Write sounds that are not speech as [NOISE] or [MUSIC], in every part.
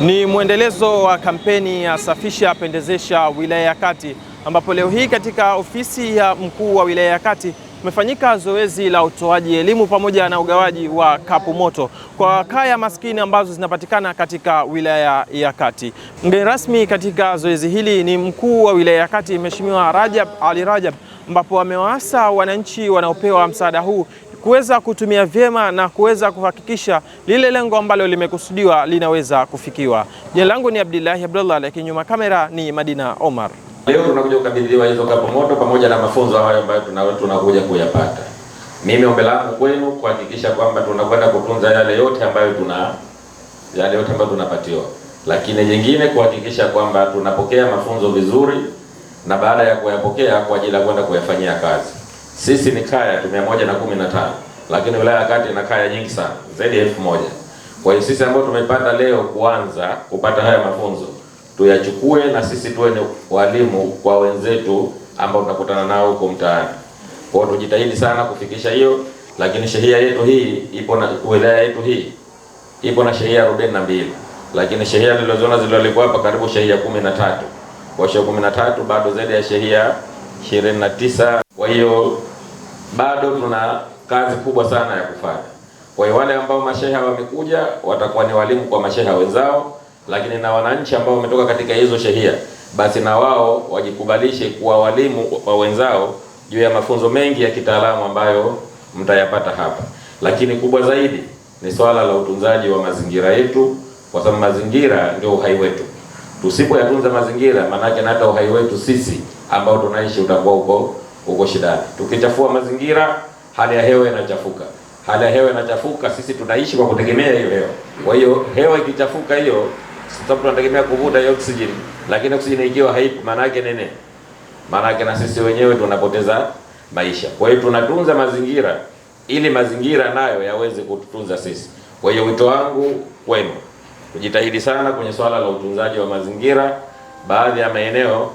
Ni mwendelezo wa kampeni ya safisha pendezesha wilaya ya Kati, ambapo leo hii katika ofisi ya mkuu wa wilaya ya Kati umefanyika zoezi la utoaji elimu pamoja na ugawaji wa kapu moto kwa kaya maskini ambazo zinapatikana katika wilaya ya Kati. Mgeni rasmi katika zoezi hili ni mkuu wa wilaya ya Kati Mheshimiwa Rajab Ali Rajab, ambapo amewaasa wananchi wanaopewa msaada huu kuweza kutumia vyema na kuweza kuhakikisha lile lengo ambalo limekusudiwa linaweza kufikiwa. Jina langu ni Abdillahi Abdullah, lakini nyuma kamera ni Madina Omar. Leo tunakuja kukabidhiwa hizo kapu moto pamoja na mafunzo hayo ambayo tunakuja kuyapata. Mimi ombi langu kwenu kuhakikisha kwamba tunakwenda kutunza yale yote ambayo tuna yale yote ambayo tunapatiwa, lakini jingine kuhakikisha kwamba tunapokea mafunzo vizuri, na baada ya kuyapokea kwa ajili ya kwenda kuyafanyia kazi. Sisi ni kaya tu mia moja na kumi na tano lakini wilaya ya Kati ina kaya nyingi sana zaidi ya elfu moja. Kwa hiyo sisi ambao tumepata leo kuanza kupata haya mafunzo tuyachukue na sisi tuwe ni walimu kwa wenzetu ambao tunakutana nao huko mtaani. Kwa hiyo tujitahidi sana kufikisha hiyo, lakini shehia yetu hii ipo na wilaya yetu hii ipo na shehia arobaini na mbili lakini shehia nilizoona zilizokuwa hapa karibu shehia kumi na tatu kwa shehia kumi na tatu bado zaidi ya shehia ishirini na tisa kwa hiyo bado tuna kazi kubwa sana ya kufanya. Kwa hiyo wale ambao masheha wamekuja watakuwa ni walimu kwa masheha wenzao, lakini na wananchi ambao wametoka katika hizo shehia, basi na wao wajikubalishe kuwa walimu wa wenzao juu ya mafunzo mengi ya kitaalamu ambayo mtayapata hapa, lakini kubwa zaidi ni swala la utunzaji wa mazingira yetu, kwa sababu mazingira ndio uhai wetu. Tusipoyatunza mazingira, maanake na hata uhai wetu sisi ambao tunaishi utakuwa uko uko shidani. Tukichafua mazingira, hali ya hewa inachafuka. Hali ya hewa inachafuka, sisi tunaishi kwa kutegemea hiyo hewa. Kwa hiyo hewa ikichafuka hiyo, sasa tunategemea kuvuta hiyo oksijeni, lakini oksijeni ikiwa haipo, maana yake nene, maana yake na sisi wenyewe tunapoteza maisha. Kwa hiyo tunatunza mazingira ili mazingira nayo yaweze kututunza sisi. Kwa hiyo wito wangu kwenu, kujitahidi sana kwenye swala la utunzaji wa mazingira. Baadhi ya maeneo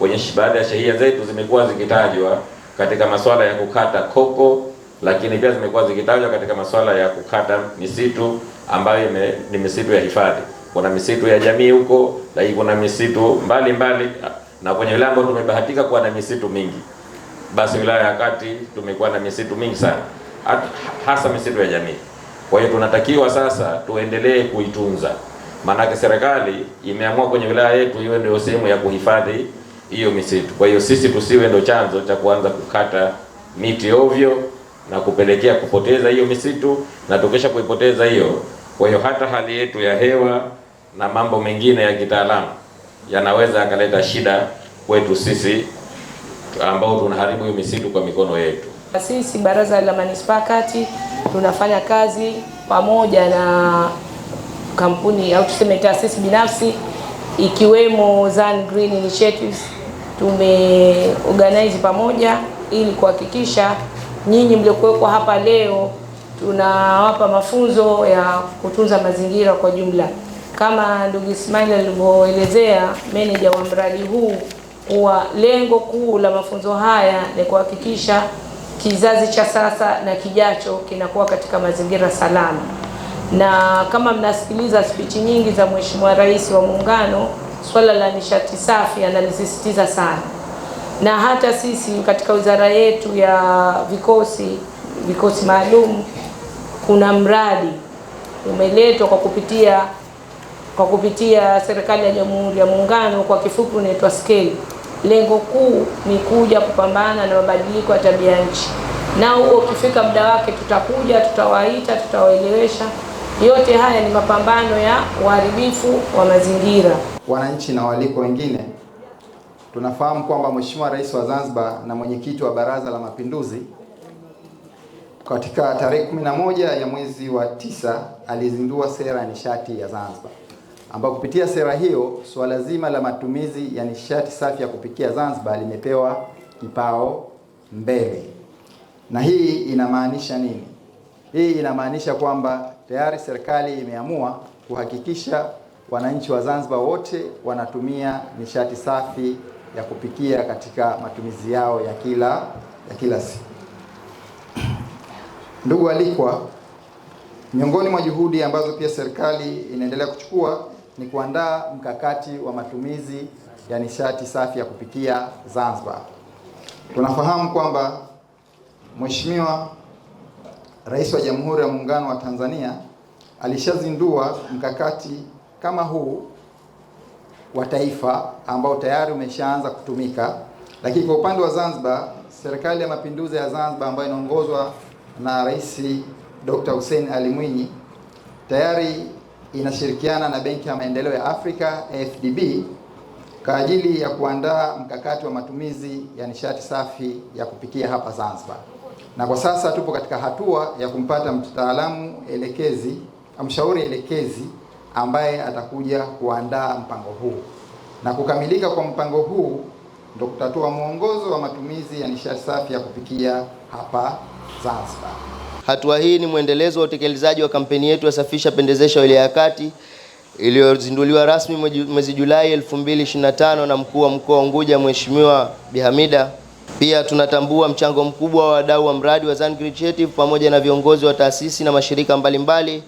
kwenye baadhi ya shehia zetu zimekuwa zikitajwa katika masuala ya kukata koko, lakini pia zimekuwa zikitajwa katika masuala ya kukata misitu ambayo ime, ni misitu ya hifadhi. Kuna misitu ya jamii huko, lakini kuna misitu mbali mbali, na kwenye wilaya ambayo tumebahatika kuwa na misitu mingi, basi wilaya ya Kati tumekuwa na misitu mingi sana, At, hasa misitu ya jamii. Kwa hiyo tunatakiwa sasa tuendelee kuitunza, maanake serikali imeamua kwenye wilaya yetu iwe ndio sehemu ya kuhifadhi hiyo misitu. Kwa hiyo sisi tusiwe ndo chanzo cha kuanza kukata miti ovyo na kupelekea kupoteza hiyo misitu, na tukisha kuipoteza hiyo, kwa hiyo hata hali yetu ya hewa na mambo mengine ya kitaalamu yanaweza yakaleta shida kwetu sisi ambao tunaharibu hiyo misitu kwa mikono yetu. Sisi Baraza la Manispaa Kati tunafanya kazi pamoja na kampuni au tuseme taasisi binafsi ikiwemo Zan Green Initiatives tumeorganize pamoja ili kuhakikisha nyinyi mliokuwekwa hapa leo tunawapa mafunzo ya kutunza mazingira kwa jumla. Kama ndugu Ismail alivyoelezea, meneja wa mradi huu, kuwa lengo kuu la mafunzo haya ni kuhakikisha kizazi cha sasa na kijacho kinakuwa katika mazingira salama, na kama mnasikiliza spichi nyingi za Mheshimiwa Rais wa Muungano swala la nishati safi analisisitiza sana, na hata sisi katika wizara yetu ya vikosi vikosi maalum kuna mradi umeletwa kwa kupitia kwa kupitia serikali ya Jamhuri ya Muungano, kwa kifupi unaitwa skeli. Lengo kuu ni kuja kupambana na mabadiliko ya tabia nchi, na huo ukifika muda wake tutakuja, tutawaita, tutawaelewesha yote haya ni mapambano ya uharibifu wa mazingira. Wananchi na waliko wengine, tunafahamu kwamba Mheshimiwa Rais wa Zanzibar na mwenyekiti wa Baraza la Mapinduzi katika tarehe moja ya mwezi wa tisa alizindua sera ya nishati ya Zanzibar, ambapo kupitia sera hiyo suala zima la matumizi ya nishati safi ya kupikia Zanzibar limepewa kipao mbele. Na hii inamaanisha nini? Hii inamaanisha kwamba tayari serikali imeamua kuhakikisha wananchi wa Zanzibar wote wanatumia nishati safi ya kupikia katika matumizi yao ya kila ya kila siku. [CLEARS THROAT] Ndugu alikwa, miongoni mwa juhudi ambazo pia serikali inaendelea kuchukua ni kuandaa mkakati wa matumizi ya nishati safi ya kupikia Zanzibar. Tunafahamu kwamba Mheshimiwa Rais wa Jamhuri ya Muungano wa Tanzania alishazindua mkakati kama huu wa taifa ambao tayari umeshaanza kutumika, lakini kwa upande wa Zanzibar, Serikali ya Mapinduzi ya Zanzibar ambayo inaongozwa na Rais Dr. Hussein Ali Mwinyi tayari inashirikiana na Benki ya Maendeleo ya Afrika AfDB kwa ajili ya kuandaa mkakati wa matumizi ya nishati safi ya kupikia hapa Zanzibar na kwa sasa tupo katika hatua ya kumpata mtaalamu elekezi, mshauri elekezi ambaye atakuja kuandaa mpango huu, na kukamilika kwa mpango huu ndio kutatua mwongozo wa matumizi ya nishati safi ya kupikia hapa Zanzibar. Hatua hii ni mwendelezo wa utekelezaji wa kampeni yetu ya Safisha Pendezesha Wilaya ya Kati iliyozinduliwa rasmi mwezi Julai 2025 na mkuu wa mkoa wa Unguja Mheshimiwa Bihamida pia tunatambua mchango mkubwa wa wadau wa mradi wa Zan Creative pamoja na viongozi wa taasisi na mashirika mbalimbali mbali,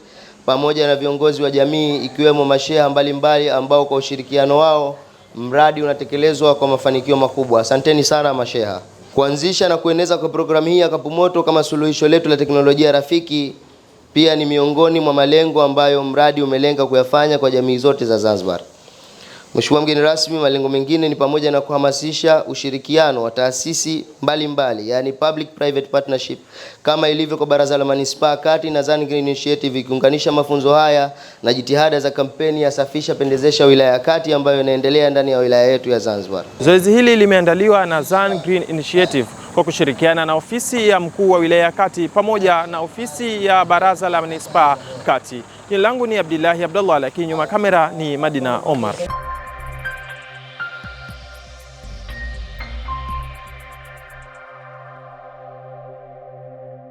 pamoja na viongozi wa jamii ikiwemo masheha mbalimbali ambao kwa ushirikiano wao mradi unatekelezwa kwa mafanikio makubwa. Asanteni sana masheha. Kuanzisha na kueneza kwa programu hii ya Kapumoto kama suluhisho letu la teknolojia rafiki pia ni miongoni mwa malengo ambayo mradi umelenga kuyafanya kwa jamii zote za Zanzibar. Mheshimiwa mgeni rasmi, malengo mengine ni pamoja na kuhamasisha ushirikiano wa taasisi mbalimbali, yani public private partnership, kama ilivyo kwa baraza la manispaa kati na Zan Green Initiative, ikiunganisha mafunzo haya na jitihada za kampeni ya safisha pendezesha wilaya ya kati ambayo inaendelea ndani ya wilaya yetu ya Zanzibar. Zoezi hili limeandaliwa na Zan Green Initiative kwa kushirikiana na ofisi ya mkuu wa wilaya ya Kati pamoja na ofisi ya baraza la manispaa Kati. Jina langu ni Abdillahi Abdullah, lakini nyuma kamera ni Madina Omar.